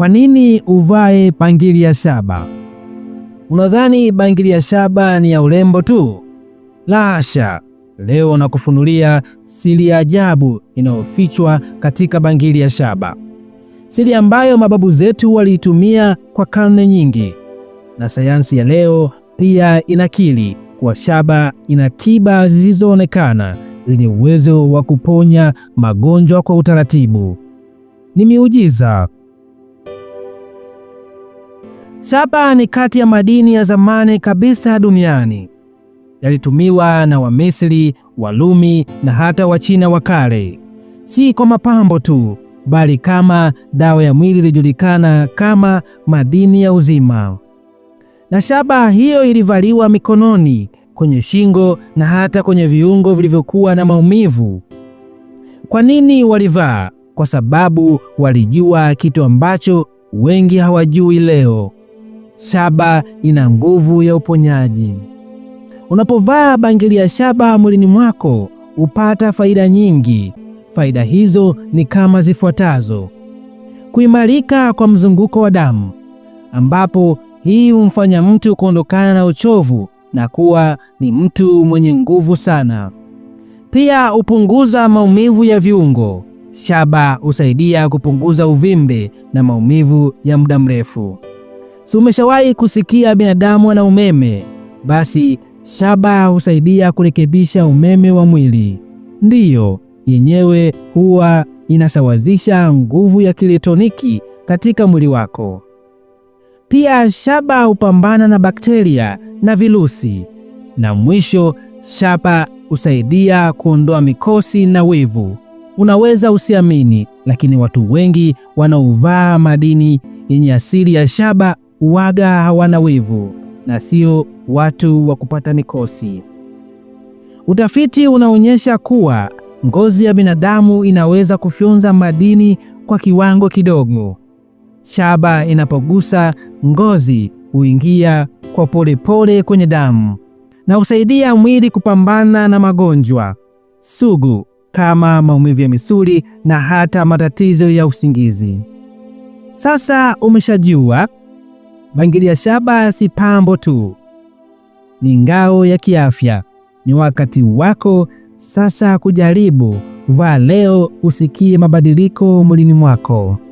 Kwa nini uvae bangili ya shaba? Unadhani bangili ya shaba ni ya urembo tu? Lasha, Leo nakufunulia siri ya ajabu inayofichwa katika bangili ya shaba, siri ambayo mababu zetu waliitumia kwa karne nyingi, na sayansi ya leo pia inakiri kuwa shaba ina tiba zisizoonekana zenye uwezo wa kuponya magonjwa kwa utaratibu. Ni miujiza Shaba ni kati ya madini ya zamani kabisa duniani. Yalitumiwa na Wamisri, Walumi na hata Wachina wa kale, si kwa mapambo tu, bali kama dawa ya mwili. Ilijulikana kama madini ya uzima, na shaba hiyo ilivaliwa mikononi, kwenye shingo na hata kwenye viungo vilivyokuwa na maumivu. Kwa nini walivaa? Kwa sababu walijua kitu ambacho wengi hawajui leo. Shaba ina nguvu ya uponyaji. Unapovaa bangili ya shaba mwilini mwako hupata faida nyingi. Faida hizo ni kama zifuatazo: kuimarika kwa mzunguko wa damu, ambapo hii humfanya mtu kuondokana na uchovu na kuwa ni mtu mwenye nguvu sana. Pia hupunguza maumivu ya viungo, Shaba husaidia kupunguza uvimbe na maumivu ya muda mrefu. Si umeshawahi kusikia binadamu ana umeme? Basi shaba husaidia kurekebisha umeme wa mwili. Ndiyo, yenyewe huwa inasawazisha nguvu ya kiletoniki katika mwili wako. Pia shaba hupambana na bakteria na virusi. Na mwisho, shaba husaidia kuondoa mikosi na wivu. Unaweza usiamini, lakini watu wengi wanaovaa madini yenye asili ya shaba waga hawana wivu na sio watu wa kupata mikosi. Utafiti unaonyesha kuwa ngozi ya binadamu inaweza kufyonza madini kwa kiwango kidogo. Shaba inapogusa ngozi huingia kwa polepole pole kwenye damu na husaidia mwili kupambana na magonjwa sugu kama maumivu ya misuli na hata matatizo ya usingizi. Sasa umeshajua bangili ya shaba si pambo tu, ni ngao ya kiafya. Ni wakati wako sasa kujaribu. Vaa leo, usikie mabadiliko mwilini mwako.